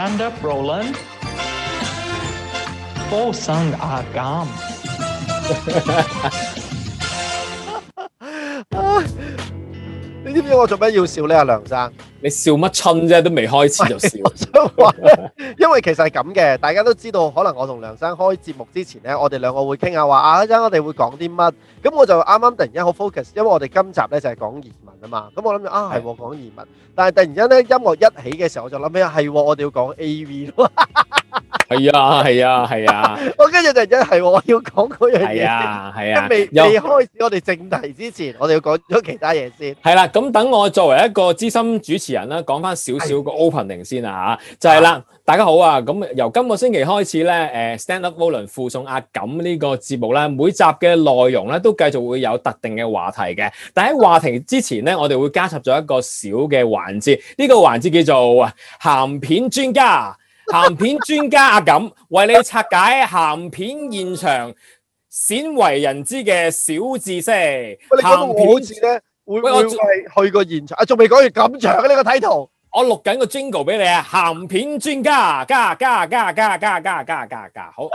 Stand up, Roland. For sung a gum. 你知唔知我做咩要笑呢？阿梁生，你笑乜春啫？都未開始就笑。因為其實係咁嘅，大家都知道，可能我同梁生開節目之前呢，我哋兩個會傾下話啊，一陣我哋會講啲乜。咁我就啱啱突然間好 focus，因為我哋今集呢就係講移民啊嘛。咁我諗住啊，係喎，講移民，的但係突然間呢音樂一起嘅時候，我就諗起係喎，我哋要講 AV 咯。 係 啊，係啊，係啊！我跟住突然間係我要講嗰樣嘢。係啊，係 啊。啊 未未開始我哋正題之前，我哋要講咗其他嘢先。係啦、 啊，咁等我作為一個資深主持人啦，講翻少少個 opening 先啦吓， 就係啦，大家好啊。咁由今個星期開始咧，誒、呃、，Stand Up Volume 附送壓感呢個節目咧，每集嘅內容咧都繼續會有特定嘅話題嘅。但喺話題之前咧，我哋會加插咗一個小嘅環節，呢、呢個環節叫做鹹片專家。鹹片專家阿錦為你拆解鹹片現場鮮為人知嘅小知識。鹹片好似咧會唔會係去過現場？啊，仲未講完咁長嘅呢個睇圖。我錄緊個 jingle 俾你啊！鹹片專家加加加加加加加加加好，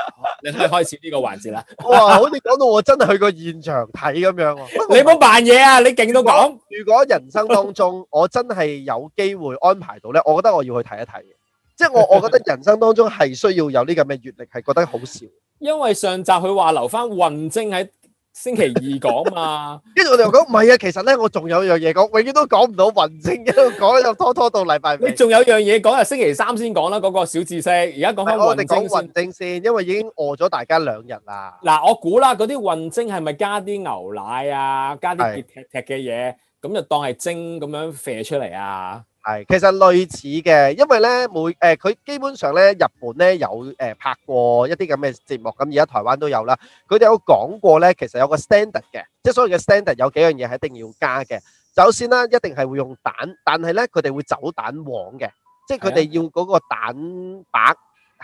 你開始呢個環節啦。哇，好似講到我真係去過現場睇咁樣。你唔好扮嘢啊！你勁到講，如果人生當中我真係有機會安排到咧，我覺得我要去睇一睇。即係我， 我覺得人生當中係需要有呢咁嘅閱歷，係覺得好笑。因為上集佢話留翻混蒸喺星期二講嘛，跟住 我哋又講唔係啊。其實咧，我仲有樣嘢講，永遠都講唔到混蒸，一路講一路拖拖到禮拜尾。你仲有樣嘢講，係星期三先講啦。嗰、那個小知識，而家講翻我哋講混蒸先精，因為已經餓咗大家兩日啦。嗱，我估啦，嗰啲混蒸係咪加啲牛奶啊，加啲鐵鐵嘅嘢，咁的就當係蒸咁樣射出嚟啊？係，其實類似嘅，因為咧每誒佢基本上咧日本咧有誒拍過一啲咁嘅節目，咁而家台灣都有啦。佢哋有講過咧，其實有個 standard 嘅，即係所謂嘅 standard 有幾樣嘢係一定要加嘅。首先啦，一定係會用蛋，但係咧佢哋會走蛋黃嘅，的即係佢哋要嗰個蛋白。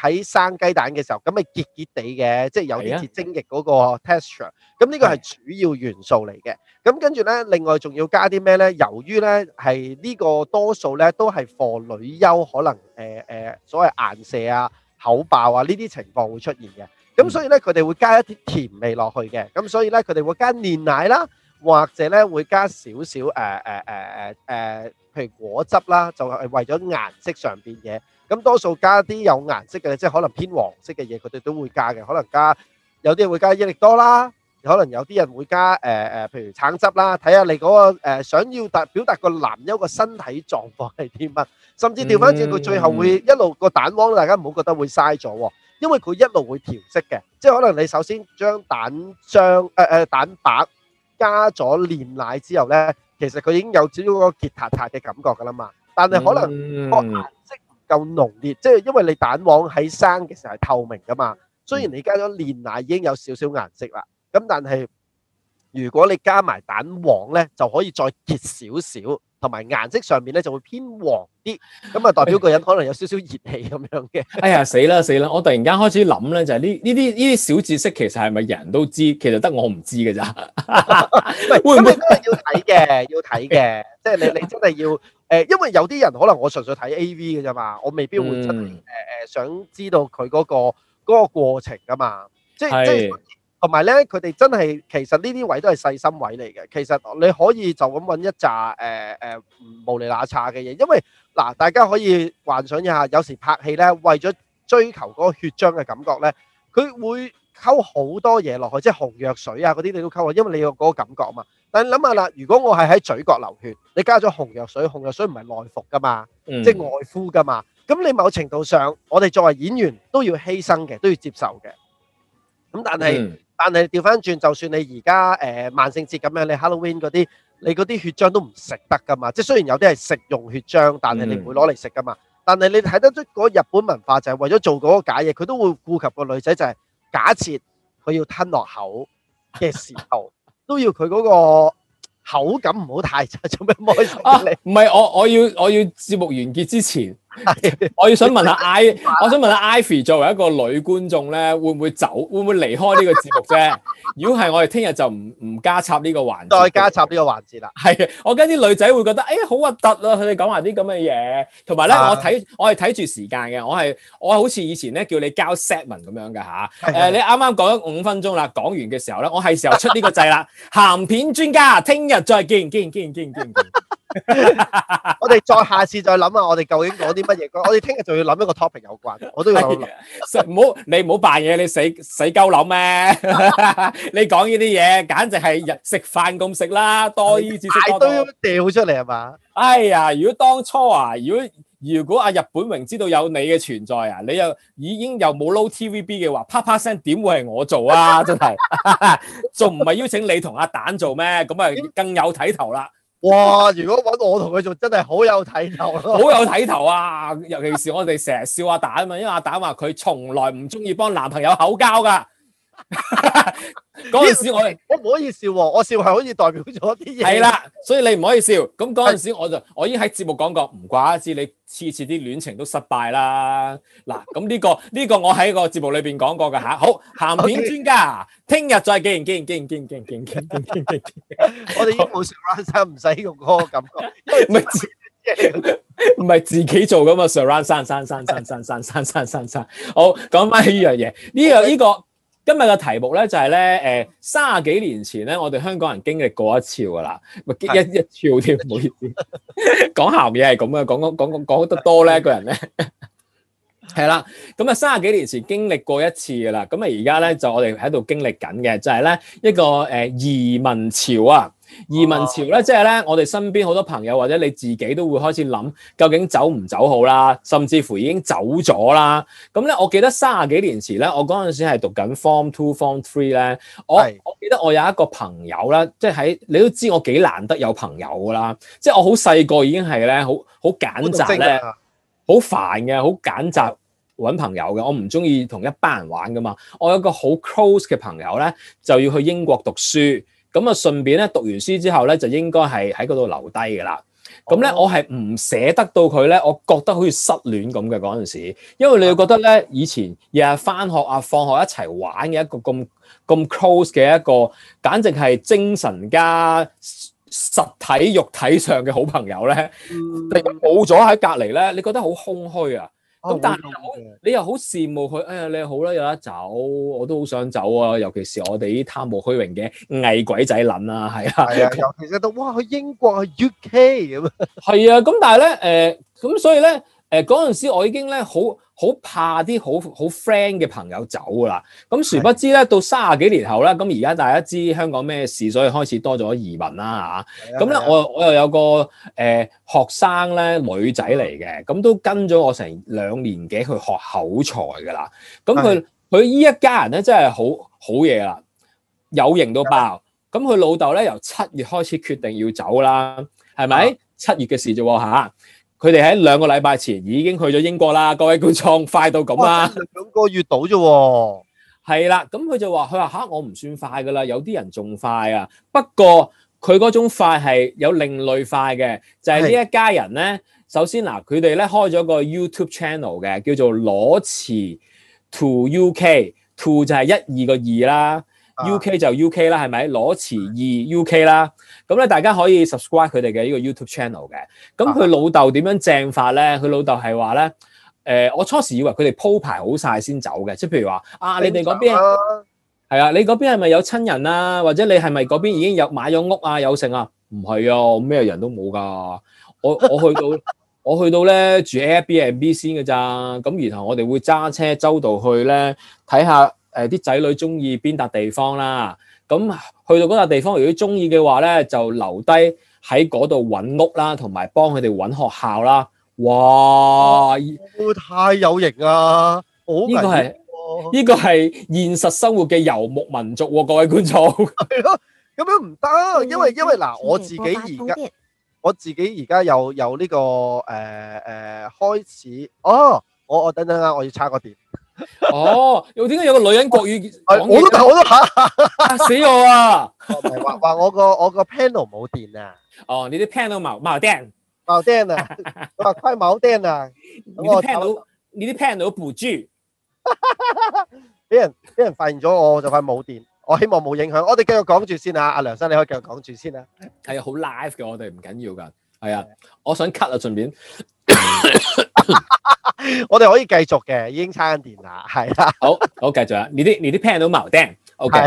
喺生雞蛋嘅時候，咁咪結結地嘅，的即係有啲似精液嗰個 texture 的。咁呢個係主要元素嚟嘅。咁跟住咧，另外仲要加啲咩咧？由於咧係呢個多數咧都係貨女優，可能誒誒、呃呃、所謂顏射啊、口爆啊呢啲情況會出現嘅。咁、嗯、所以咧佢哋會加一啲甜味落去嘅。咁所以咧佢哋會加煉奶啦，或者咧會加少少誒誒誒誒誒，譬、呃呃呃呃、如果汁啦，就係為咗顏色上面嘅。咁多數加啲有顏色嘅，即係可能偏黃色嘅嘢，佢哋都會加嘅。可能加有啲人會加益力多啦，可能有啲人會加誒誒，譬如橙汁啦。睇下你嗰個誒想要達表達個男優個身體狀況係點啊？甚至調翻轉佢最後會一路個蛋黃，大家唔好覺得會嘥咗喎，因為佢一路會調色嘅。即係可能你首先將蛋漿誒誒蛋白加咗煉奶之後咧，其實佢已經有少少個杰撻撻嘅感覺㗎啦嘛。但係可能個顏色夠濃烈，即係因為你蛋黃喺生嘅時候係透明噶嘛，雖然你加咗煉奶已經有少少顏色啦，咁但係如果你加埋蛋黃咧，就可以再熱少少，同埋顏色上面咧就會偏黃啲，咁啊代表個人可能有少少熱氣咁樣嘅。哎呀死啦死啦！我突然間開始諗咧，就係呢呢啲呢啲小知識，其實係咪人都知？其實得我唔知嘅咋？會唔會都係要睇嘅？要睇嘅，即係 你你真係要。誒，因為有啲人可能我純粹睇 AV 嘅啫嘛，我未必會真係誒想知道佢嗰個嗰個過程啊嘛，即係即係同埋咧，佢哋是 真係其實呢啲位都係細心位嚟嘅。其實你可以就咁揾一紮誒誒無釐拿叉嘅嘢，因為嗱大家可以幻想一下，有時拍戲咧，為咗追求嗰個血漿嘅感覺咧，佢會溝好多嘢落去，即係紅藥水啊嗰啲你都溝啊，因為你有嗰個感覺啊嘛。但係諗下啦，如果我係喺嘴角流血，你加咗紅藥水，紅藥水唔係內服噶嘛，嗯、即係外敷噶嘛。咁你某程度上，我哋作為演員都要犧牲嘅，都要接受嘅。咁但係，但係調翻轉，就算你而家誒萬聖節咁樣，你 Halloween 嗰啲，你嗰啲血漿都唔食得噶嘛。即係雖然有啲係食用血漿，但係你唔會攞嚟食噶嘛。嗯、但係你睇得出嗰日本文化就係為咗做嗰個假嘢，佢都會顧及個女仔就係假設佢要吞落口嘅時候。 都要佢嗰個口感唔好太差，做咩摸上嚟？啊，唔係我我要我要節目完結之前。我要想問下 I, I，我想問下 Ivy，作為一個女觀眾咧，會唔會走，會唔會離開個節呢個節目啫？ 如果係我哋聽日就唔唔加插呢個環節，再加插呢個環節啦。係，我跟啲女仔會覺得，哎好核突咯，佢哋講話啲咁嘅嘢。同埋咧，我睇，我係睇住時間嘅，我係我好似以前咧叫你交 set 文咁樣噶吓。誒、啊， 你啱啱講咗五分鐘啦，講完嘅時候咧，我係時候出呢個掣啦。咸 片專家，聽日再見，見見見見。我哋再下次再諗下，我哋究竟講啲乜嘢？我哋聽日仲要諗一個 topic 有關，我都要諗。唔好你唔好扮嘢，你死死鳩諗咩？你講呢啲嘢，簡直係食飯咁食啦，多呢次。大堆掉出嚟係嘛？哎呀，如果當初啊，如果如果阿日本榮知道有你嘅存在啊，你又已經又冇撈 TVB 嘅話，啪啪聲點會係我做啊？真係仲唔係邀請你同阿蛋做咩？咁啊更有睇頭啦！哇！如果揾我同佢做，真係好有睇頭好有睇頭啊！尤其是我哋成日笑阿、啊、蛋嘛，因為阿、啊、蛋話佢從來唔鍾意幫男朋友口交㗎。嗰陣 時我、就是、我唔可以笑喎，我笑係可以代表咗啲嘢。係啦，所以你唔可以笑。咁嗰陣時我就我已經喺節目講過，唔怪知你次次啲戀情都失敗啦。嗱，咁呢、這個呢、這個我喺個節目裏邊講過嘅吓。好，咸片專家，聽日 Okay. 再見見見見見見見見見見。 我哋已經冇 surround sound，唔使用嗰個感覺。唔係 自己做噶嘛，surround sound sound sound sound sound sound sound sound sound。 好，講翻呢樣嘢，呢樣呢個。這個這個這個今日嘅題目咧就係、是、咧，誒三十幾年前咧，我哋香港人經歷過一次噶啦，咪的一一潮添，唔好意思，講鹹嘢係咁嘅，講講講講得多咧，一個人咧，係啦， 咁啊三十幾年前經歷過一次噶啦，咁啊而家咧就我哋喺度經歷緊嘅，就係、是、咧一個誒、呃、移民潮啊。移民潮咧，即係咧，我哋身邊好多朋友或者你自己都會開始諗，究竟走唔走好啦，甚至乎已經走咗啦。咁咧，我記得三十幾年前咧，我嗰陣時係讀緊 Form Two、Form Three 咧，我是我記得我有一個朋友啦，即係喺你都知我幾難得有朋友噶啦，即係我好細個已經係咧，好好揀擇咧，好煩嘅，好揀擇揾朋友嘅，我唔中意同一班人玩噶嘛。我有一個好 close 嘅朋友咧，就要去英國讀書。咁啊，順便咧讀完書之後咧，就應該係喺嗰度留低㗎啦。咁咧、哦，我係唔捨得到佢咧，我覺得好似失戀咁嘅嗰陣時，因為你會覺得咧，以前日日翻學啊、放學一齊玩嘅一個咁咁 close 嘅一個，簡直係精神加實體肉體上嘅好朋友咧，你冇咗喺隔離咧，你覺得好空虛啊！咁但係、哦、你又好羨慕佢。哎呀，你又好啦，有得走，我都好想走啊！尤其是我哋啲貪慕虛榮嘅偽鬼仔撚啊，係啊！ 尤其是都哇，去英國去 UK 咁啊，係啊！咁但係咧，誒，咁所以咧。誒嗰陣時，我已經咧好好怕啲好好 friend 嘅朋友走㗎啦。咁、嗯、殊不知咧，到卅幾年後啦，咁而家大家知香港咩事，所以開始多咗移民啦嚇。咁咧、啊，啊、我我又有個誒、呃、學生咧，女仔嚟嘅，咁都跟咗我成兩年幾去學口才㗎啦。咁佢佢呢一家人咧真係好好嘢啦，有型到爆。咁佢老豆咧由七月開始決定要走啦，係咪？啊、七月嘅事啫、啊、喎。佢哋喺兩個禮拜前已經去咗英國啦，各位觀眾，快到咁啊！兩、哦、個月到啫喎，係啦，咁佢就話：佢話嚇，我唔算快噶啦，有啲人仲快啊。不過佢嗰種快係有另類快嘅，就係、是、呢一家人咧。的首先嗱，佢哋咧開咗個 YouTube channel 嘅，叫做裸辭 To UK，To、啊、就係一二個二啦，UK 就 K, 2, UK 啦，係咪裸辭二 UK 啦？咁咧，大家可以 subscribe 佢哋嘅呢個 YouTube channel 嘅。咁佢老豆點樣正法咧？佢老豆係話咧，誒、呃，我初時以為佢哋鋪排好晒先走嘅，即係譬如話，啊，你哋嗰邊係啊，啊，你嗰邊係咪有親人啊？或者你係咪嗰邊已經有買咗屋啊？有剩啊？唔係啊，咩人都冇噶。我我去到， 我去到咧住 Airbnb 先嘅咋。咁然後我哋會揸車周到去咧睇下，誒啲仔女中意邊笪地方啦。咁去到嗰笪地方，如果中意嘅話咧，就留低喺嗰度揾屋啦，同埋幫佢哋揾學校啦。哇！太有型我啊！依個係呢個係現實生活嘅遊牧民族喎、啊，各位觀眾。咁、啊、樣唔得，因為因為嗱、呃，我自己而家我自己而家有有呢、這個誒誒、呃呃、開始。哦，我我等等啊，我要叉個電。 哦，又點解有個女人國語我都睇我都睇，死我啊！話 話 我個我個 panel 冇電啊！哦，你啲 panel 冇冇電？冇電啊！話快冇電啊！我聽到，你啲 panel 唔住，俾人俾人發現咗我就快冇電，我希望冇影響，我哋繼續講住先啊！阿梁生你可以繼續講住先啊！係啊、 哎，好 live 嘅我哋唔緊要噶。係啊，我想 cut 啊，順便，我哋可以繼續嘅，已經差電啦，係啦， 好，好繼續啊，你啲你啲 plan 都矛盾，OK，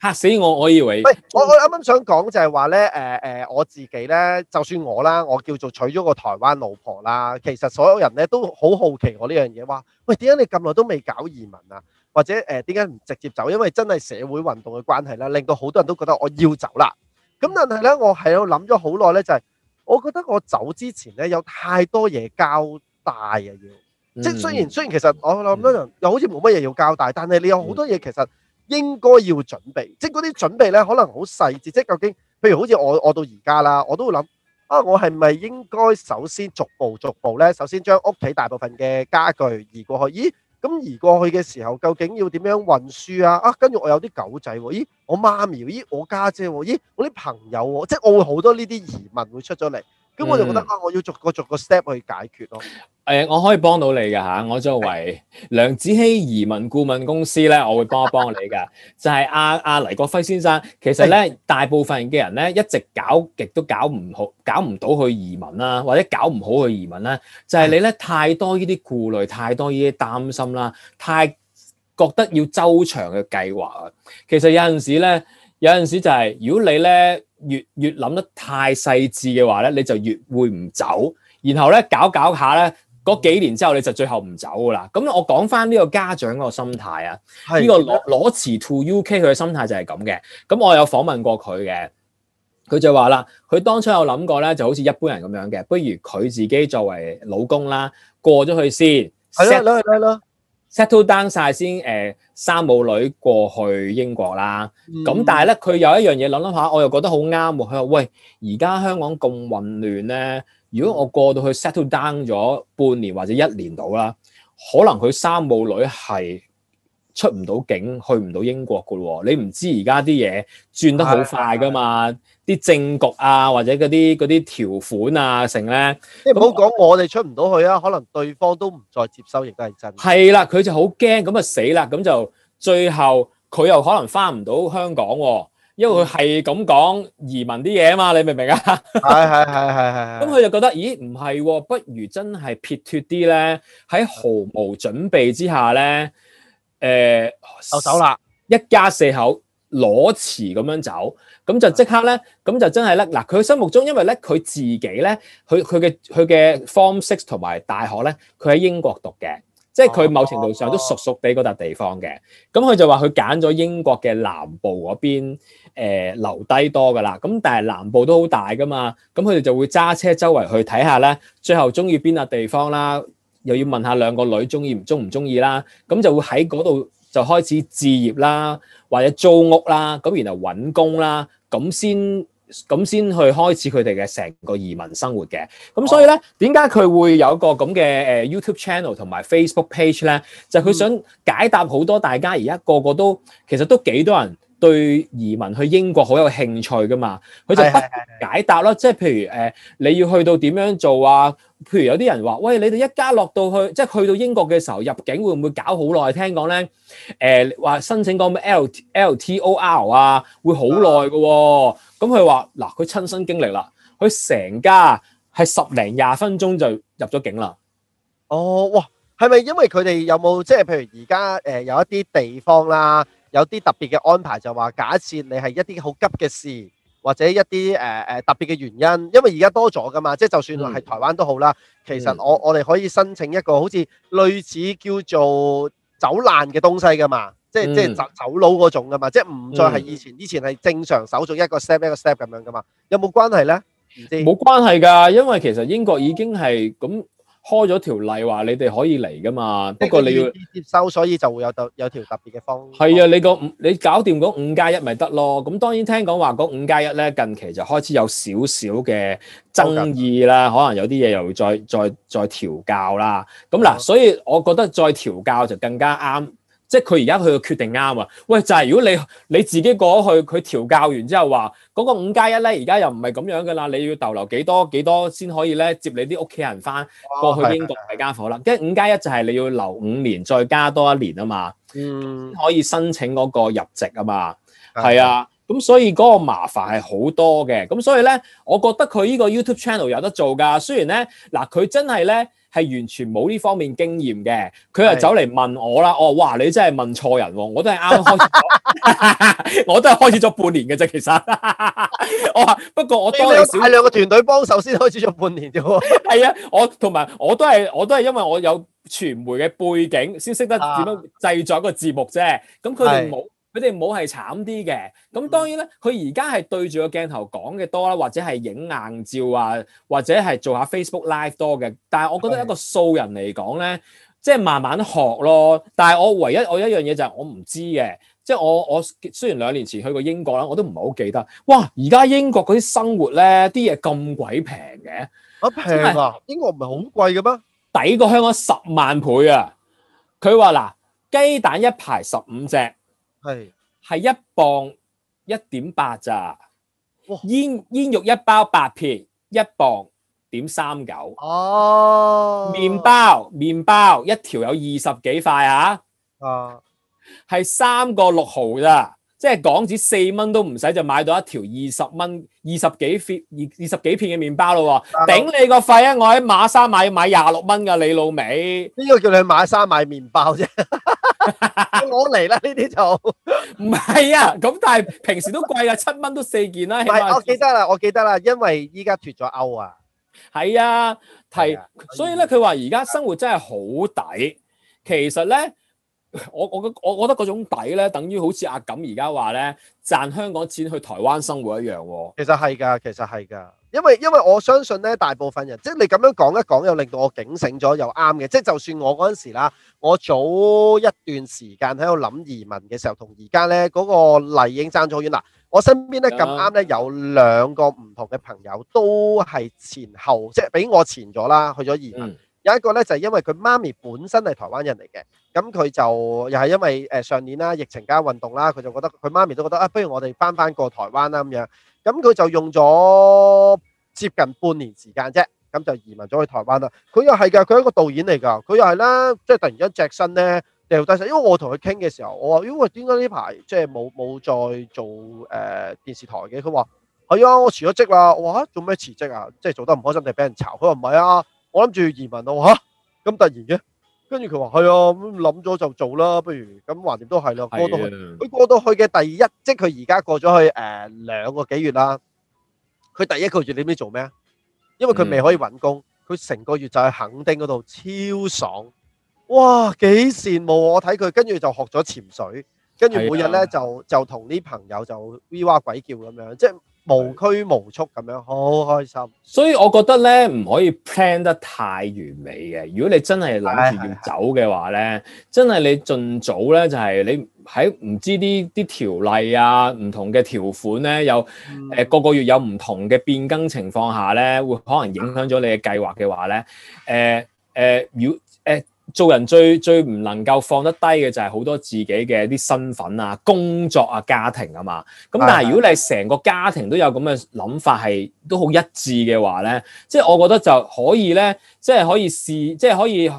吓 死我，我以為，喂 我我啱啱想講就係話咧，誒、呃、誒、呃，我自己咧， 就算我啦，我叫做娶咗個台灣老婆啦，其實所有人咧都好好奇我呢樣嘢，話，喂，點解你咁耐都未搞移民啊？或者誒，點解唔直接走？因為真係社會運動嘅關係咧，令到好多人都覺得我要走啦。咁但係咧，我喺度諗咗好耐咧，就係。我覺得我走之前咧，有太多嘢交代啊，要，即係雖然雖然其實我諗多人又好似冇乜嘢要交代，但係你有好多嘢其實應該要準備，即係嗰啲準備咧可能好細節，即係究竟譬如好似我我到而家啦，我都會諗啊，我係咪應該首先逐步逐步咧，首先將屋企大部分嘅家具移過去？咦？咁移過去嘅時候，究竟要點樣運輸啊？啊，跟住我有啲狗仔喎，咦，我媽咪，咦，我家姐喎，咦，我啲朋友喎，即係我會好多呢啲疑問會出咗嚟。咁我就覺得啊，我要逐個逐個 step 去解決咯。誒，我可以幫到你嘅吓，我作為梁子希移民顧問公司咧，我會幫一幫你㗎。就係阿阿黎國輝先生，其實咧，大部分嘅人咧，一直搞極都搞唔好，搞唔到去移民啦，或者搞唔好去移民啦，就係你咧太多呢啲顧慮，太多呢啲擔心啦，太覺得要周長嘅計劃。其實有陣時咧，有陣時就係如果你咧。越越諗得太細緻嘅話咧，你就越會唔走，然後咧搞搞下咧，嗰幾年之後你就最後唔走噶啦。咁我講翻呢個家長嗰個心態啊，呢的個裸裸辭 to UK 佢嘅心態就係咁嘅。咁我有訪問過佢嘅，佢就話啦，佢當初有諗過咧，就好似一般人咁樣嘅，不如佢自己作為老公啦，過咗去先 s e 的識 settle down 晒先，誒、呃、三母女過去英國啦，咁、嗯、但係咧佢有一樣嘢諗諗下，我又覺得好啱喎。佢話：喂，而家香港咁混亂咧，如果我過到去 settle down 咗半年或者一年度啦，可能佢三母女係，出唔到境，去唔到英國㗎喎，你唔知而家啲嘢轉得好快㗎嘛？啲政局啊，或者嗰啲啲條款啊，成咧，即係唔好講我哋出唔到去啊，可能對方都唔再接收，亦都係真。係啦，佢就好驚，咁啊死啦，咁就最後佢又可能返唔到香港，因為佢係咁講移民啲嘢啊嘛，你明唔明啊？係係係係係。咁佢就覺得，咦？唔係，不如真係撇脱啲咧，喺毫無準備之下咧。誒手、呃、走啦，一家四口攞匙咁樣走，咁就即刻咧，咁就真係咧嗱，佢心目中，因為咧佢自己咧，佢佢嘅佢嘅 form six 同埋大學咧，佢喺英國讀嘅，即係佢某程度上都熟熟地嗰笪地方嘅，咁佢就話佢揀咗英國嘅南部嗰邊、呃、留低多噶啦，咁但係南部都好大噶嘛，咁佢哋就會揸車周圍去睇下咧，最後中意邊笪地方啦。又要問下兩個女中意唔中唔中意啦，咁就會喺嗰度就開始置業啦，或者租屋啦，咁然後揾工啦，咁先咁先去開始佢哋嘅成個移民生活嘅。咁所以咧，點解佢會有一個咁嘅誒 YouTube channel 同埋 Facebook page 咧？就係佢想解答好多大家而家個個都其實都幾多人。對移民去英國好有興趣㗎嘛，佢就不解答啦。即係譬如誒，你要去到點樣做啊？譬如有啲人話，喂，你哋一家落到去，即係去到英國嘅時候入境會唔會搞好耐？聽講咧，誒話申請嗰個 L L T O R 啊，會好耐㗎喎。咁佢話：嗱，佢親身經歷啦，佢成家係十零廿分鐘就入咗境啦。哦，哇，係咪因為佢哋有冇即係譬如而家誒有一啲地方啦？有啲特別嘅安排就話，假設你係一啲好急嘅事，或者一啲誒誒特別嘅原因，因為而家多咗噶嘛，即係就算係台灣都好啦，嗯、其實我我哋可以申請一個好似類似叫做走難嘅東西噶嘛，嗯、即係即係走走佬嗰種噶嘛，嗯、即係唔再係以前以前係正常手續一個 step 一個 step 咁樣噶嘛，有冇關係咧？唔知，冇關係㗎，因為其實英國已經係咁。開咗條例話你哋可以嚟㗎嘛，是不過你要接收，所以就會有，有條特有條特別嘅方案。係啊，你個五你搞掂嗰五加一咪得咯。咁當然聽講話嗰五加一咧，近期就開始有少少嘅爭議啦，的可能有啲嘢又會再再再調教啦。咁嗱，嗯、所以我覺得再調教就更加啱。即係佢而家佢個決定啱啊！喂，就係、是、如果你你自己過去，佢調教完之後話嗰、那個五加一咧，而家又唔係咁樣噶啦，你要逗留幾多幾多先可以咧接你啲屋企人翻、哦、過去英國大家伙啦。跟五加一就係你要留五年再加多一年啊嘛，先、嗯、可以申請嗰個入籍啊嘛。係啊的，咁所以嗰個麻煩係好多嘅。咁所以咧，我覺得佢呢個 YouTube channel 有得做噶。雖然咧，嗱佢真係咧。係完全冇呢方面經驗嘅，佢又走嚟問我啦。的我話：哇，你真係問錯人喎！我都係啱開始， 我都係開始咗半年嘅啫。其 實，我話，不過我多係小，係兩個團隊幫手先開始咗半年啫。喎，係啊，我同埋我都係我都係因為我有傳媒嘅背景，先識得點樣製作一個節目啫。咁佢哋冇。佢哋冇係慘啲嘅，咁當然啦，佢而家係對住個鏡頭講嘅多啦，或者係影硬照啊，或者係做下 Facebook Live 多嘅。但係我覺得一個素人嚟講咧，即係慢慢學咯。但係我唯一我一樣嘢就係我唔知嘅，即係我我雖然兩年前去過英國啦，我都唔係好記得。哇！而家英國嗰啲生活咧，啲嘢咁鬼平嘅，啊平啊！的英國唔係好貴嘅咩？抵過香港十萬倍啊！佢話嗱，雞蛋一排十五隻。係係一磅一點八咋，煙煙肉一包八片，一磅點三九。哦，麵包麵包一條有二十幾塊啊，係三個六毫咋，即係港紙四蚊都唔使就買到一條二十蚊二十幾片二二十幾片嘅麵包咯、啊，頂、啊、你個肺啊！我喺馬莎買買廿六蚊噶，你老味！邊個叫你去馬莎買麵包啫、啊。 我攞嚟啦，呢啲就唔係啊，咁但係平時都貴啊，七蚊都四件啦。唔係 是，我記得啦，我記得啦，因為依家脫咗歐啊，係啊，係、啊，所以咧，佢話而家生活真係好抵。啊、其實咧，我我我我覺得嗰種抵咧，等於好似阿錦而家話咧，賺香港錢去台灣生活一樣。其實係噶，其實係噶。因為因為我相信咧，大部分人即係你咁樣講一講，又令到我警醒咗，又啱嘅。即係就算我嗰陣時啦，我早一段時間喺度諗移民嘅時候，同而家咧嗰個例已經爭咗好遠啦。我身邊咧咁啱咧有兩個唔同嘅朋友，都係前後即係比我前咗啦，去咗移民。嗯、有一個咧就係、因為佢媽咪本身係台灣人嚟嘅，咁佢就又係因為誒、呃、上年啦疫情加運動啦，佢就覺得佢媽咪都覺得啊，不如我哋翻翻過台灣啦咁樣。咁佢就用咗接近半年時間啫，咁就移民咗去台灣啦。佢又係㗎，佢係一個導演嚟㗎。佢又係啦，即係突然之間隻身咧掉低晒。因為我同佢傾嘅時候，我話：咦，為點解呢排即係冇冇再做誒電視台嘅？佢話：係啊，我辭咗職啦。哇，做咩辭職啊？即係做得唔開心定係俾人炒？佢話唔係啊，我諗住移民。我話：吓，咁突然嘅。跟住佢話係，哦，諗咗就做啦，不如咁，橫掂都係啦。過到去，佢過到去嘅第一，即係佢而家過咗去誒兩個幾月啦。佢第一個月你知做咩啊？因為佢未可以搵工，佢成個月就喺墾丁嗰度超爽，哇，幾羨慕我睇佢，跟住就學咗潛水，跟住每日咧就就同啲朋友就 viva 鬼叫咁樣，即係。無拘無束咁樣，好開心。所以我覺得咧，唔可以 plan 得太完美嘅。如果你真係諗住要走嘅話咧，哎、呀真係你盡早咧，就係、是、你喺唔知呢啲條例啊、唔同嘅條款咧，有誒、嗯呃、個個月有唔同嘅變更情況下咧，會可能影響咗你嘅計劃嘅話咧，誒誒如。呃做人最最唔能夠放得低嘅就係好多自己嘅啲身份啊、工作啊、家庭啊嘛。咁但係如果你係成個家庭都有咁嘅諗法，係都好一致嘅話咧，即係我覺得就可以咧，即係可以試，即係可以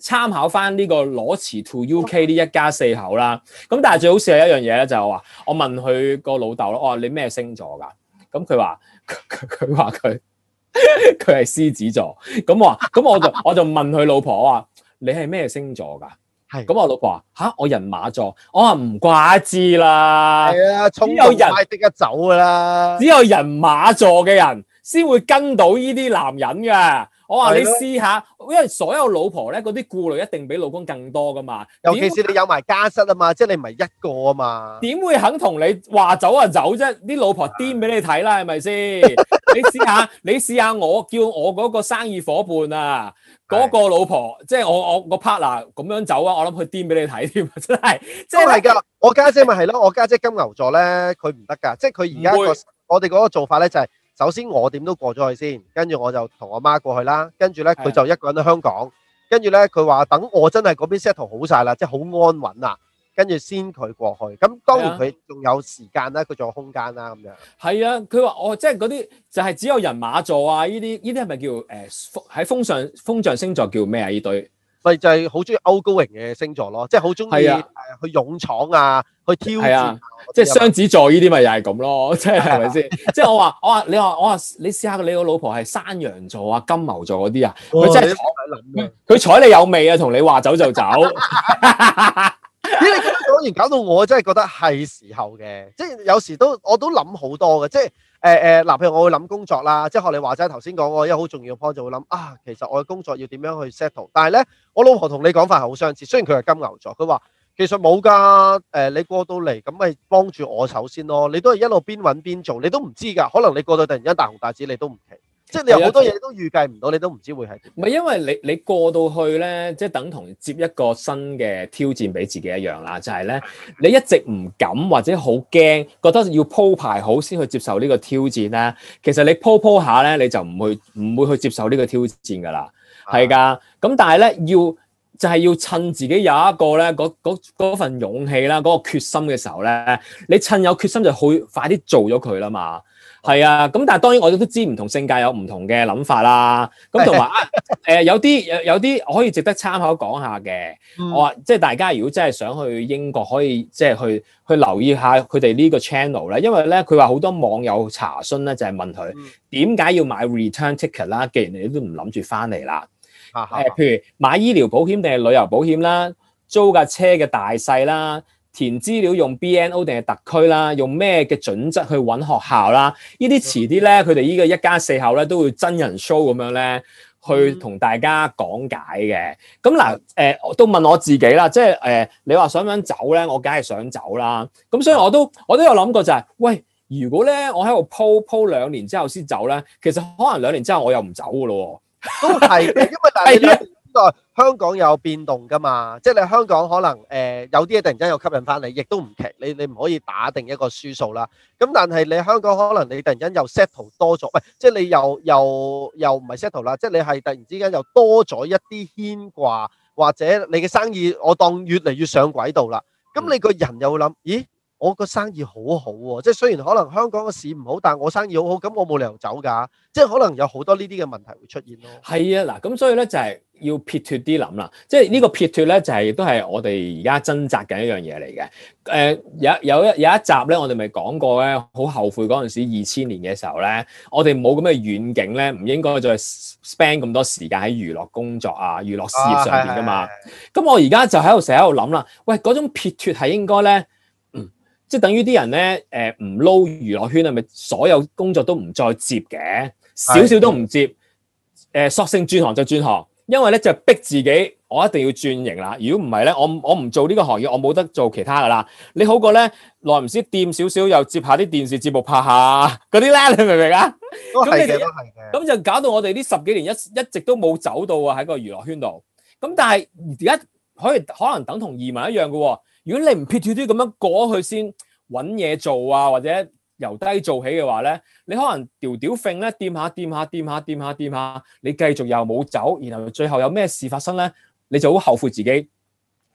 參考翻呢、這個裸辭 to UK 呢一家四口啦。咁但係最好笑係一樣嘢咧，就係、是、話我問佢個老豆咯，我話你咩星座㗎？咁佢話佢話佢佢係獅子座。咁我話咁我就我就問佢老婆話。你係咩星座㗎？係咁是的 我話吓，我人馬座，我話唔怪之啦，總有人開即刻走㗎啦，只有人馬座嘅人先會跟到呢啲男人嘅。我話你試下，因為所有老婆咧，嗰啲顧慮一定比老公更多噶嘛，尤其是你有埋家室啊嘛，麼即係你唔係一個啊嘛。點會肯同你話走啊走啫？啲老婆癲俾你睇啦，係咪先？是是 你試下，你試下我叫我嗰個生意伙伴啊，嗰的個老婆，即係我我我 partner 咁樣走啊，我諗佢癲俾你睇添，真係，即係噶。我家姐咪係咯，的我家姐，姐金牛座咧，佢唔得噶，即係佢而家個我哋嗰個做法咧就係、是。首先我點都過咗去先，跟住我就同我媽，媽過去啦，跟住咧佢就一個人喺香港，跟住咧佢話等我真係嗰邊 settle 好晒啦，即係好安穩啦，跟住先佢過去。咁當然佢仲有時間啦，佢仲有空間啦咁樣。係啊，佢話我即係嗰啲就係只有人馬座啊，呢啲呢啲係咪叫誒喺、呃、風象風象星座叫咩啊？呢對。咪就係好中意歐高榮嘅星座咯，即係好中意去勇闖啊，啊去挑戰。啊，啊即係雙子座呢啲咪又係咁咯， 即係係咪先？即係我話， 我話你話，我話你試下你個老婆係山羊座啊、金牛座嗰啲啊，佢、哦、真係佢睬你有味啊，同你話走就走。 當然搞到我真係覺得係時候嘅，即係有時都我都諗好多嘅，即係誒誒，嗱、呃，譬、呃、如我會諗工作啦，即係學你話齋頭先講，我有好重要嘅 point 就會諗啊，其實我嘅工作要點樣去 settle，但係咧，我老婆同你講法係好相似，雖然佢係金牛座，佢話其實冇㗎，誒、呃，你過到嚟咁咪幫住我手先咯，你都係一路邊揾邊做，你都唔知㗎，可能你過到突然間大紅大紫，你都唔奇。即係你有好多嘢都預計唔到，你都唔知會係唔係？因為你你過到去咧，即係等同接一個新嘅挑戰俾自己一樣啦。就係咧，你一直唔敢或者好驚，覺得要鋪排好先去接受呢個挑戰啦。其實你鋪鋪下咧，你就唔會唔會去接受呢個挑戰㗎啦。係㗎。咁，啊，但係咧，要就係要趁自己有一個咧，嗰份勇氣啦，嗰個決心嘅時候咧，你趁有決心就去快啲做咗佢啦嘛。係啊，咁但係當然我哋都知唔同性格有唔同嘅諗法啦，咁同埋誒有啲、 呃、有啲可以值得參考講下嘅，嗯、我話即係大家如果真係想去英國，可以即係去去留意下佢哋呢個 channel 咧，因為咧佢話好多網友查詢咧就係、是、問佢點解要買 return ticket 啦、啊，既然你都唔諗住翻嚟啦，誒哈哈、呃、譬如買醫療保險定係旅遊保險啦，租架車嘅大細啦。填資料用 BNO 定係特區啦，用咩嘅準則去揾學校啦？些些呢啲遲啲咧，佢哋呢個一家四口咧都會真人 show 咁樣咧，去同大家講解嘅。咁嗱，誒、呃，我都問我自己啦，即係誒，你話想唔想走咧？我梗係想走啦。咁所以我都我都有諗過就係、是，喂，如果咧我喺度鋪鋪，鋪，鋪鋪兩年之後先走咧，其實可能兩年之後我又唔走噶咯喎。都係， 因為嗱。 香港有變動㗎嘛？即係你香港可能誒有啲嘢突然間又吸引返你，亦都唔奇。你你唔可以打定一個輸數啦。咁但係你香港可能你突然間又 settle 多咗，唔係，即係你又又又唔係 settle 啦。即係你係突然之間又多咗一啲牽掛，或者你嘅生意我當越嚟越上軌道啦。咁你個人又會諗，咦？我個生意好好、啊、喎，即係雖然可能香港嘅市唔好，但我生意好好，咁我冇理由走㗎。即係可能有好多呢啲嘅問題會出現咯、啊。係啊，嗱，咁所以咧就係、是、要撇脱啲諗啦，即係呢個撇脱咧就係亦都係我哋而家掙扎緊一樣嘢嚟嘅。誒、呃、有有一有一集咧，我哋咪講過咧，好後悔嗰陣時二千年嘅時候咧，我哋冇咁嘅遠景咧，唔應該再 spend 咁多時間喺娛樂工作啊、娛樂事業上邊㗎嘛。咁、啊、我而家就喺度成日喺度諗啦，喂，嗰種撇脱係應該咧。即係等於啲人咧，誒唔撈娛樂圈係咪？所有工作都唔再接嘅，少少的都唔接。誒，索性轉行就轉行，因為咧就逼自己，我一定要轉型啦。如果唔係咧，我我唔做呢個行業，我冇得做其他噶啦。你好過咧，耐唔時掂少少又接下啲電視節目拍下嗰啲咧，你明唔明啊？都係咁 就搞到我哋呢十幾年一一直都冇走到啊，喺個娛樂圈度。咁但係而家可以可能等同移民一樣嘅喎、哦。如果你唔撇脱啲咁樣過咗去先揾嘢做啊，或者由低做起嘅話咧，你可能吊吊揈咧，掂下掂下掂下掂下掂下，你繼續又冇走，然後最後有咩事發生咧，你就好後悔自己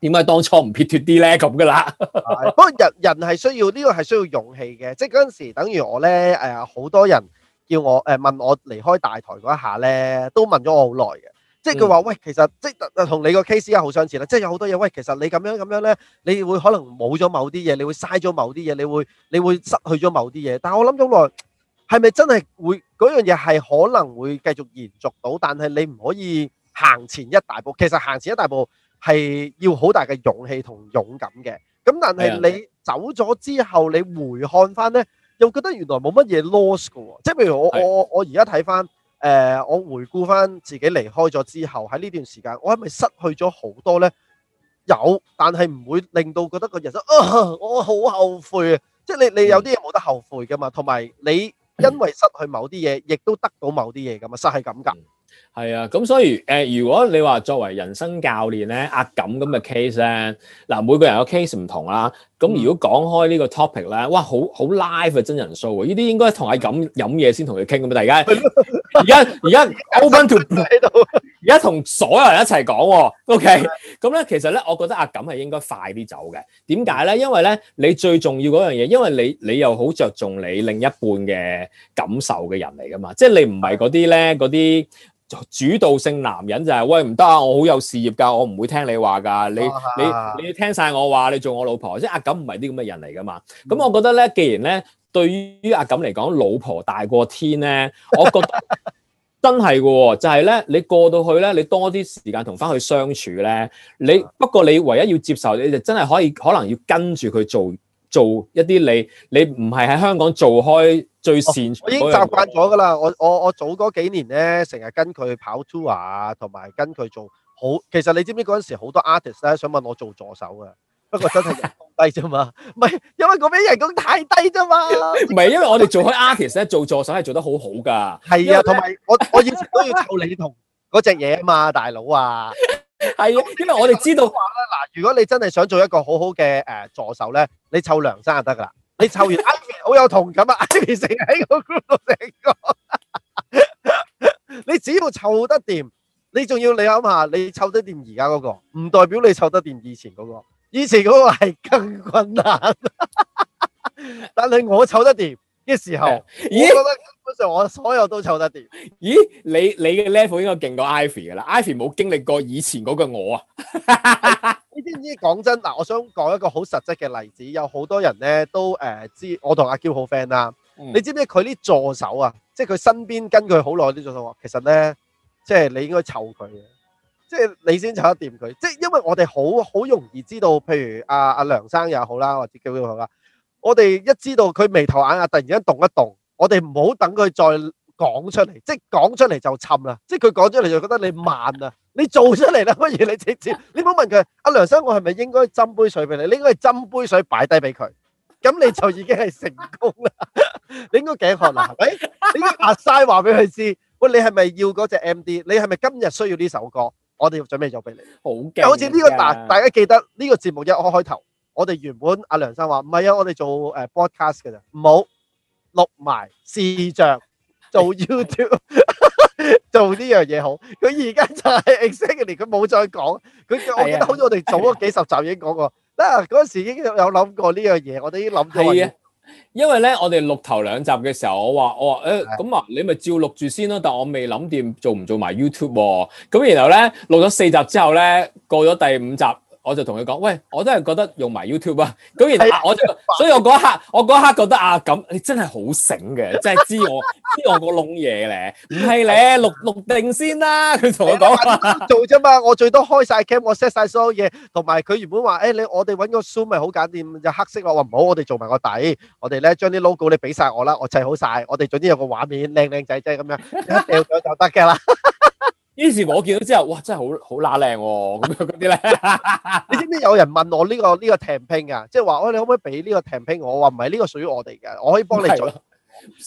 點解當初唔撇脱啲咧咁噶啦。不過人人係需要呢個係需要勇氣嘅，即係嗰陣時，等於我咧誒，好多人叫我誒問我離開大台嗰一下咧，都問咗我好耐嘅。即係佢話：喂，其實即係同你個 case 好相似啦。即係有好多嘢，喂，其實你咁樣咁樣咧，你會可能冇咗某啲嘢，你會嘥咗某啲嘢，你會你會失去咗某啲嘢。但係我諗咗耐，係咪真係會嗰樣嘢係可能會繼續延續到？但係你唔可以行前一大步。其實行前一大步係要好大嘅勇氣同勇敢嘅。咁但係你走咗之後，你回看返咧，又覺得原來冇乜嘢 loss 嘅喎。即係譬如我我我而家睇返。誒，我回顧翻自己離開咗之後，喺呢段時間，我係咪失去咗好多咧？有，但係唔會令到覺得個人生啊，我好後悔啊！即係你，你有啲嘢冇得後悔噶嘛？同埋你因為失去某啲嘢，亦都得到某啲嘢㗎嘛，實係咁㗎。係啊，咁所以誒，如果你話作為人生教練咧，阿錦咁嘅 case 咧，嗱，每個人個 case 唔同啦。咁如果講開呢個 topic 咧，哇，好好 live 嘅真人 show 喎！呢啲應該同阿錦飲嘢先同佢傾㗎嘛，大家。而家而家 open to 喺度，而家同所有人一齊講、哦、，OK？咁咧、嗯，其實咧，我覺得阿錦係應該快啲走嘅。點解咧？因為咧，你最重要嗰樣嘢，因為你你又好着重你另一半嘅感受嘅人嚟噶嘛，即、就、係、是、你唔係嗰啲咧嗰啲主導性男人就係、是、喂唔得啊！我好有事業噶，我唔會聽你話噶，你、啊、你你聽晒我話，你做我老婆。即、就、係、是、阿錦唔係啲咁嘅人嚟噶嘛。咁、嗯、我覺得咧，既然咧。對於阿錦嚟講，老婆大過天咧，我覺得真係嘅喎，就係咧，你過到去咧，你多啲時間同返佢相處咧，你不過你唯一要接受，你就真係可以可能要跟住佢做做一啲你你唔係喺香港做開最擅長嘅，我已經習慣咗㗎啦。我我我早嗰幾年咧，成日跟佢跑 tour 啊，同埋跟佢做好。其實你知唔知嗰陣時好多 artist 咧想問我做助手嘅，不過真係。低啫嘛，唔係因為嗰邊人工太低啫嘛，唔係因為我哋做開 artist 咧，做助手係做得好好噶，係啊，同埋我我以前都要湊你同嗰隻嘢啊嘛，大佬啊，係啊，因為我哋知道啦，嗱，如果你真係想做一個好好嘅誒助手咧，你湊梁生就得噶啦，你湊完 Ivan 好有同感啊，Ivan 成日喺我 group 度頂過，你只要湊得掂，你仲要你諗下，你湊得掂而家嗰個，唔代表你湊得掂以前嗰個。以前嗰個係更困難， 但係我湊得掂嘅時候，咦？覺得基本上我所有都湊得掂。咦？你你嘅 level 應該勁過 Ivy 噶啦，Ivy 冇經歷過以前嗰個我啊。 你知唔知？講真嗱，我想講一個好實質嘅例子，有好多人咧都誒、呃、知，我同阿嬌好 friend 啦、嗯。你知唔知佢啲助手啊？即係佢身邊跟佢好耐啲助手，其實咧，即係你應該湊佢。即係你先踩得掂佢，即係因為我哋好好容易知道，譬如阿阿梁生又好啦，或者叫佢啦。我哋一知道佢眉頭眼額突然間動一動，我哋唔好等佢再講出嚟，即係講出嚟就沉啦。即係佢講出嚟就覺得你慢啊，你做出嚟啦，不如你直接你唔好問佢阿梁生，我係咪應該斟杯水俾你？你應該係斟杯水擺低俾佢，咁你就已經係成功啦。你應該頸渴啦，你應該阿曬話俾佢知。喂，你係咪要嗰隻 MD？你係咪今日需要呢首歌？我哋要準備咗俾你，好嘅，好似呢個大大家記得呢、這個節目一開開頭，我哋原本阿梁生話唔係啊，我哋做誒 broadcast 嘅啫，唔好錄埋視像做 YouTube， 做呢樣嘢好。佢而家就係 exactly 佢冇再講，佢我記得好似我哋早咗幾十集已經講過，嗱，嗰陣時已經有諗過呢樣嘢，我哋已經諗咗。 因為咧，我哋錄頭兩集嘅時候，我話我話，誒，咁啊，你咪照錄住先啦。但我未諗掂做唔做埋 YouTube，咁啊，然後咧錄咗四集之後咧，過咗第五集。我就同佢講，喂，我都係覺得用埋 YouTube 啊。居然、啊、我所以我嗰刻，我嗰刻覺得啊，咁你真係好醒嘅，真係知我 知我個窿嘢咧。唔係你，錄錄定先啦。佢同我講做啫嘛，我最多開晒 cam，我 set 晒所有嘢，同埋佢原本話，誒、欸、你我哋揾個 zoom 咪好簡便，就黑色，我話唔好，我哋做埋個底，我哋咧將啲 logo 你俾晒我啦，我砌好晒。我哋總之有個畫面靚靚仔仔咁樣，一掉就就就得嘅啦。 於是，我見到之後，哇！真係好好乸靚喎，咁、哦、樣嗰啲咧。 你知唔知有人問我呢、這個呢 template 啊？即係話，這個這個這個、我你可唔可以俾呢個 template 我？我話唔係，呢個屬於我哋嘅，我可以幫你做。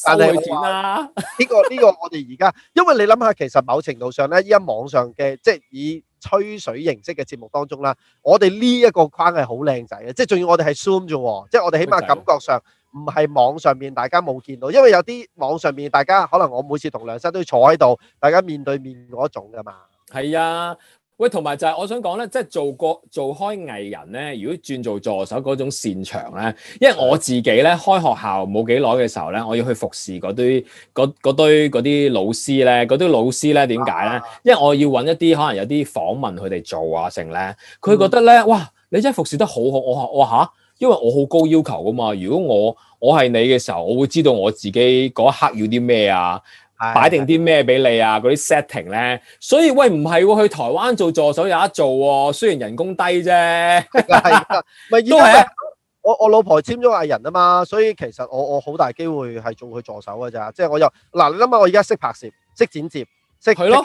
但係我話呢個呢、這個我哋而家，因為你諗下，其實某程度上咧，依家網上嘅即係以吹水形式嘅節目當中啦，我哋呢一個框係好靚仔嘅，即係仲要我哋係 zoom 啫喎，即係我哋起碼感覺上。唔係網上面大家冇見到，因為有啲網上面大家可能我每次同梁生都要坐喺度，大家面對面嗰種㗎嘛。係啊，喂，同埋就係我想講咧，即係做個做開藝人咧，如果轉做助手嗰種擅長咧，因為我自己咧開學校冇幾耐嘅時候咧，我要去服侍嗰堆嗰堆嗰啲老師咧，嗰啲老師咧點解咧？為呢啊、因為我要揾一啲可能有啲訪問佢哋做啊，成咧，佢覺得咧，嗯、哇！你真係服侍得好好，我話我話、啊因為我好高要求噶嘛，如果我我係你嘅時候，我會知道我自己嗰一刻要啲咩啊，係。擺定啲咩俾你啊，嗰啲 setting 咧。所以喂，唔係喎，去台灣做助手有得做喎，雖然人工低啫。係，都係。我我老婆簽咗藝人啊嘛，所以其實我我好大機會係做佢助手嘅咋。即係我又嗱，你諗下，我而家識拍攝、識剪接、識佢咯。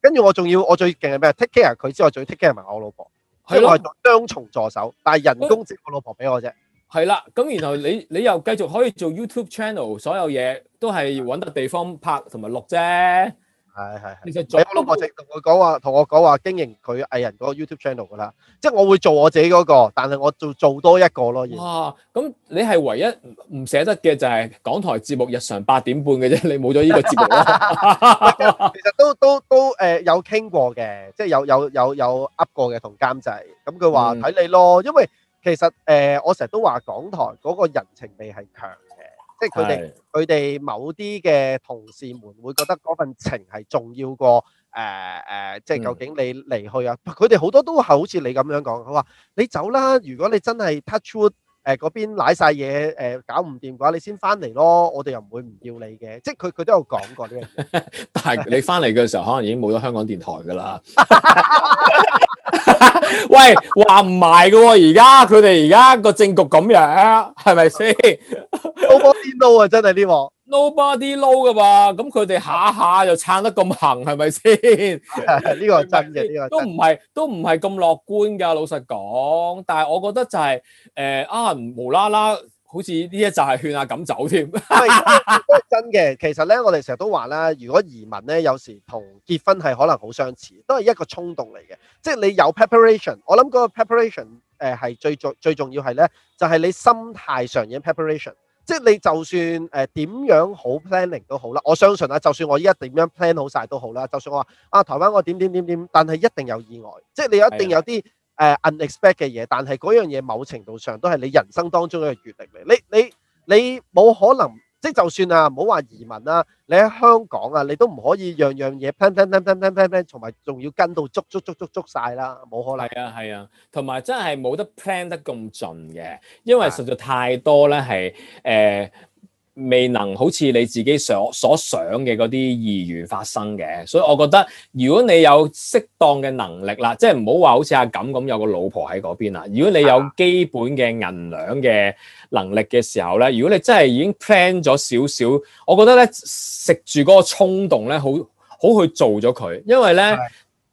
跟住我仲要，我最勁係咩？Take care 佢之外，仲要 take care 埋我老婆。係咯，我係雙重助手，但係人工只有我老婆俾我啫。係啦，咁然後你，你又繼續可以做 YouTube Channel，所有嘢都係揾個地方拍同埋錄啫。係係，是是是其實做我直同佢講話，同我講話經營佢藝人嗰個 YouTube channel 噶啦，即係我會做我自己嗰、那個，但係我做做多一個咯。哇！咁你係唯一唔捨得嘅就係港台節目日常八點半嘅啫，你冇咗呢個節目啦。 其實都都都誒、呃、有傾過嘅，即係有有有有噏過嘅同監製，咁佢話睇你咯，因為其實誒、呃、我成日都話港台嗰個人情味係強。即係佢哋佢哋某啲嘅同事們會覺得嗰份情係重要過誒誒、呃呃，即係究竟你離去啊？佢哋好多都係好似你咁樣講，佢話你走啦。如果你真係 touch wood 誒、呃、嗰邊瀨曬嘢，誒搞唔掂嘅話，你先翻嚟咯。我哋又唔會唔要你嘅。即係佢佢都有講過呢樣嘢 但係你翻嚟嘅時候， 可能已經冇咗香港電台㗎啦。 喂，話唔埋噶，而家佢哋而家個政局咁樣，係咪先？Nobody know 啊、呢個，真係啲 Nobody know 噶嘛，咁佢哋下下就撐得咁行，係咪先？呢個係真嘅，呢個都唔係都唔係咁樂觀噶，老實講。但係我覺得就係誒啊，無啦啦。好似呢一集係勸阿咁走添，都係真嘅。其實咧，我哋成日都話啦，如果移民咧，有時同結婚係可能好相似，都係一個衝動嚟嘅。即係你有 preparation，我諗嗰個 preparation 誒、呃、係最最最重要係咧，就係、是、你心態上嘅 preparation。即係你就算誒點樣好 planning 都好啦，我相信啦，就算我依家點樣 plan 好晒都好啦，就算我話啊台灣我點點點點，但係一定有意外，即係你一定有啲。誒 unexpected 嘅嘢，但係嗰樣嘢某程度上都係你人生當中嘅閲歷嚟。你你你冇可能，即係就算啊，唔好話移民啦，你喺香港啊，你都唔可以樣樣嘢 plan plan plan plan plan plan，同埋仲要跟到捉捉捉捉捉曬啦，冇可能。係啊係啊，同埋真係冇得 plan 得咁盡嘅，因為實在太多咧係誒。未能好似你自己想所、所想嘅嗰啲意願發生嘅，所以我覺得如果你有適當嘅能力啦，即係唔好話好似阿錦咁有個老婆喺嗰邊啦。如果你有基本嘅銀兩嘅能力嘅時候咧，如果你真係已經 plan 咗少少，我覺得咧食住嗰個衝動咧，好好去做咗佢，因為咧。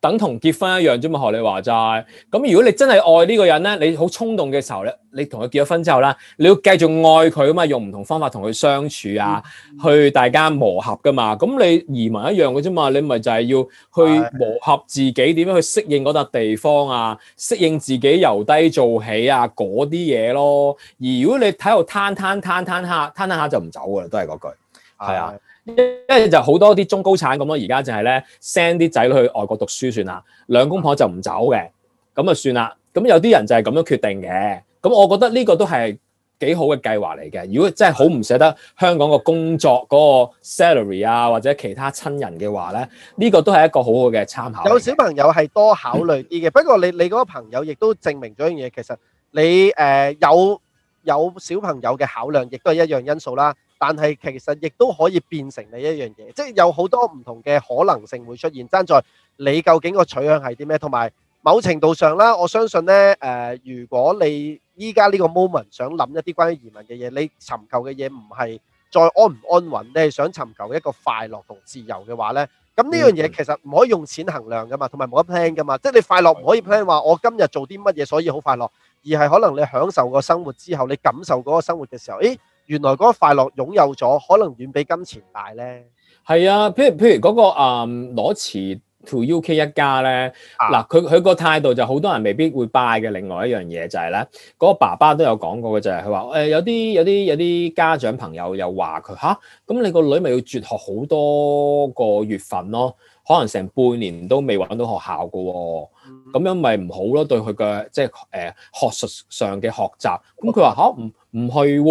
等同結婚一樣啫嘛，學你話齋，咁如果你真係愛呢個人咧，你好衝動嘅時候咧，你同佢結咗婚之後啦，你要繼續愛佢啊嘛，用唔同方法同佢相處啊，去大家磨合噶嘛。咁你移民一樣嘅啫嘛，你咪就係要去磨合自己點樣去適應嗰笪地方啊，適應自己由低做起啊嗰啲嘢咯。而如果你喺度攤攤攤攤下，攤攤下就唔走噶啦，都係嗰句，係啊。一一就好多啲中高產咁咯，而家就係咧 send 啲仔女去外國讀書算啦，兩公婆就唔走嘅，咁啊算啦。咁有啲人就係咁樣決定嘅。咁我覺得呢個都係幾好嘅計劃嚟嘅。如果真係好唔捨得香港個工作嗰、那個 salary 啊，或者其他親人嘅話咧，呢、這個都係一個好好嘅參考。有小朋友係多考慮啲嘅，不過你你嗰個朋友亦都證明咗一樣嘢，其實你誒有有小朋友嘅考量亦都係一樣因素啦。但係其實亦都可以變成你一樣嘢，即係有好多唔同嘅可能性會出現。爭在你究竟個取向係啲咩？同埋某程度上啦，我相信呢誒，如果你依家呢個 moment 想諗一啲關於移民嘅嘢，你尋求嘅嘢唔係再安唔安穩，你係想尋求一個快樂同自由嘅話呢，咁呢樣嘢其實唔可以用錢衡量噶嘛，同埋冇得 plan 噶嘛。即係你快樂唔可以 plan 話我今日做啲乜嘢所以好快樂，而係可能你享受個生活之後，你感受嗰個生活嘅時候，誒。原來嗰個快樂擁有咗，可能遠比金錢大咧。係啊，譬如譬如嗰個誒攞錢 to UK 一家咧，嗱佢佢個態度就好多人未必會 buy 嘅。另外一樣嘢就係咧，嗰個爸爸都有講過嘅就係，佢話誒有啲有啲有啲家長朋友又話佢吓，咁你個女咪要絕學好多個月份咯。可能成半年都未揾到學校嘅，哦，咁樣咪唔好咯，啊？對佢嘅即係誒學術上嘅學習，咁佢話吓，唔唔去，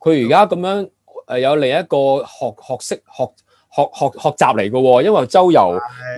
佢而家咁樣誒，呃，有另一個學學識學。學學學習嚟嘅喎，因為周遊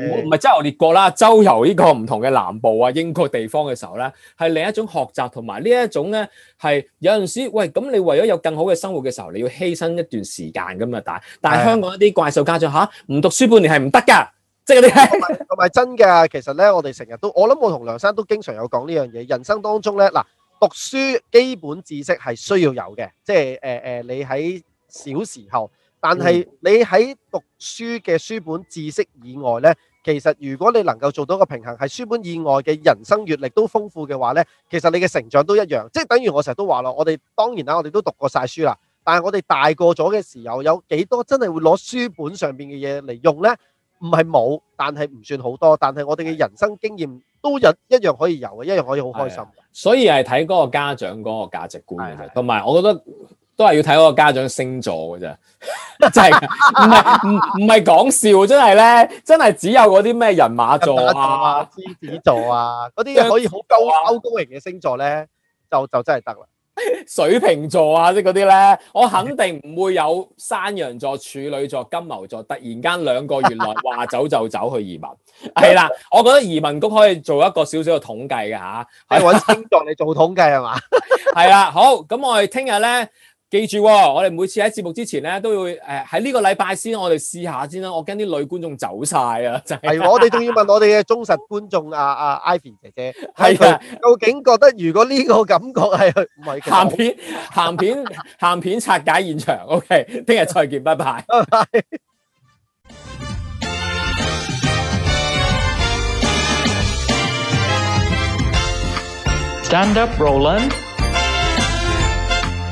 唔係周遊列國啦，周遊呢個唔同嘅南部啊英國地方嘅時候咧，係另一種學習同埋呢一種咧係有陣時喂，咁你為咗有更好嘅生活嘅時候，你要犧牲一段時間咁啊！但係係嘅，但係香港一啲怪獸家長吓唔讀書半年係唔得噶，即係係咪真噶。其實咧，我哋成日都我諗我同梁生都經常有講呢樣嘢。人生當中咧嗱，讀書基本知識係需要有嘅，即係誒誒，你喺小時候。但係你喺讀書嘅書本知識以外呢，其實如果你能夠做到個平衡，係書本以外嘅人生閱歷都豐富嘅話呢，其實你嘅成長都一樣，即係等於我成日都話咯，我哋當然啦，我哋都讀過晒書啦，但係我哋大個咗嘅時候，有幾多真係會攞書本上面嘅嘢嚟用呢？唔係冇，但係唔算好多，但係我哋嘅人生經驗都一一樣可以有，一樣可以好開心。所以係睇嗰個家長嗰個價值觀嘅啫，同埋我覺得。都係要睇嗰個家長星座嘅啫， 真係唔係唔唔係講笑，真係咧，真係只有嗰啲咩人馬座啊、獅子座啊，嗰啲、啊、可以好高高型嘅星座咧，就就真係得啦。 水瓶座啊，即係嗰啲咧，我肯定唔會有山羊座、處女座、金牛座，突然間兩個月內話走就走去移民。係啦， 我覺得移民局可以做一個少少嘅統計嘅吓，係搵星座你做統計係嘛？係啦， 好，咁我哋聽日咧。呢 記住喎，我哋每次喺節目之前咧，都要誒喺呢個禮拜先，我哋試下先啦。我驚啲女觀眾走晒啊！就係、是， 我哋仲要問我哋嘅忠實觀眾啊。阿、啊、Ivy 姐姐，係、啊、究竟覺得如果呢個感覺係唔係鹹片？鹹片鹹片拆解現場， 解現場，OK，聽日再見， 拜拜，拜拜。 Stand up, Roland.